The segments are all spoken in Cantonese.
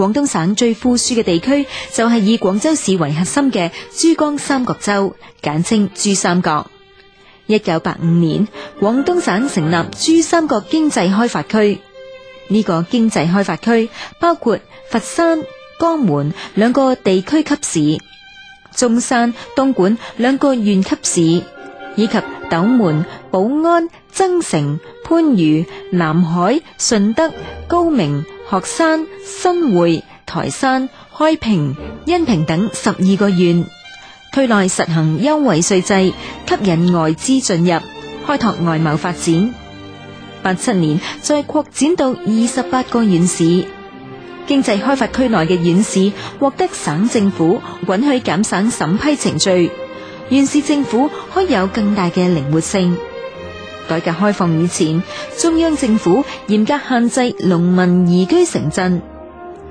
廣東省最富庶嘅地區就係、是、以廣州市為核心嘅珠江三角洲，簡稱珠三角。一九八五年，廣東省成立珠三角經濟開發區。呢、這個經濟開發區包括佛山、江門兩個地區級市，中山、東莞兩個縣級市，以及斗門、寶安、增城、番禺、南海、順德、高明。鶴山、新會、台山、開平、恩平等十二個縣，區內實行優惠稅制，吸引外資進入，開拓外貿發展。八七年再擴展到二十八個縣市，經濟開發區內嘅縣市獲得省政府允許減省審批程序，縣市政府可有更大嘅靈活性。改革開放以前，中央政府嚴格限制農民移居城鎮。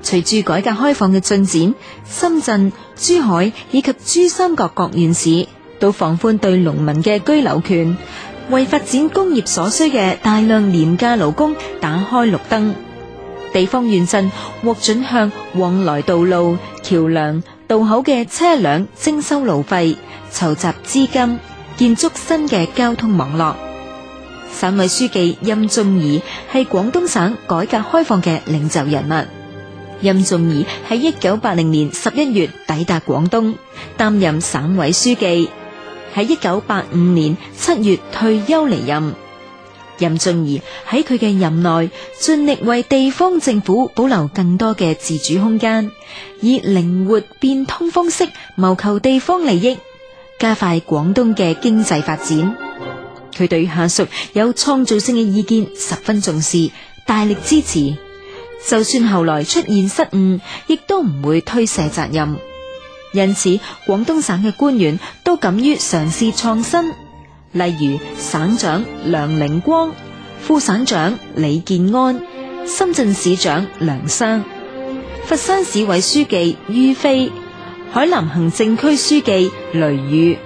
隨住改革開放嘅進展，深圳、珠海以及珠三角各縣市，都放寬對農民嘅居留權，為發展工業所需嘅大量廉價勞工打開綠燈。地方縣鎮獲准向往來道路、橋樑、道口嘅車輛徵收路費，籌集資金，建築新嘅交通網絡。省委書記任仲夷係廣東省改革開放嘅領袖人物。任仲夷喺一九八零年十一月抵達廣東，擔任省委書記。喺一九八五年七月退休離任。任仲夷喺佢嘅任內，盡力為地方政府保留更多嘅自主空間，以靈活變通方式謀求地方利益，加快廣東嘅經濟發展。佢對下屬有創造性嘅意見十分重視，大力支持。就算後來出現失誤，亦都唔會推卸責任。因此，廣東省嘅官員都敢於嘗試創新。例如，省長梁靈光、副省長李建安、深圳市長梁生、佛山市委書記于飛、海南行政區書記雷宇。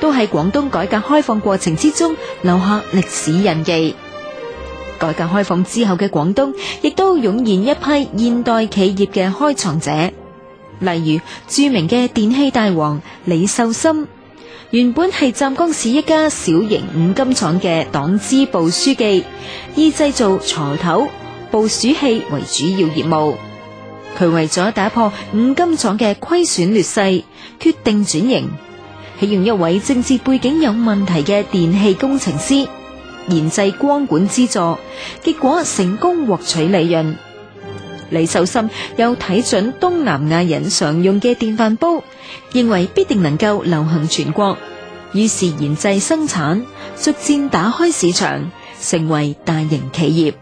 都喺廣東改革開放過程之中留下歷史印記。改革開放之後嘅廣東，亦都湧現一批現代企業嘅開創者，例如著名嘅電器大王李秀森，原本係湛江市一家小型五金廠嘅黨支部書記，以製造鋤頭、捕鼠器為主要業務。佢為咗打破五金廠嘅虧損劣勢，決定轉型。起用一位政治背景有問題嘅電器工程師研製光管資助，結果成功獲取利潤。李壽森又睇準東南亞人常用嘅電飯煲，認為必定能夠流行全國，於是研製生產，逐漸打開市場，成為大型企業。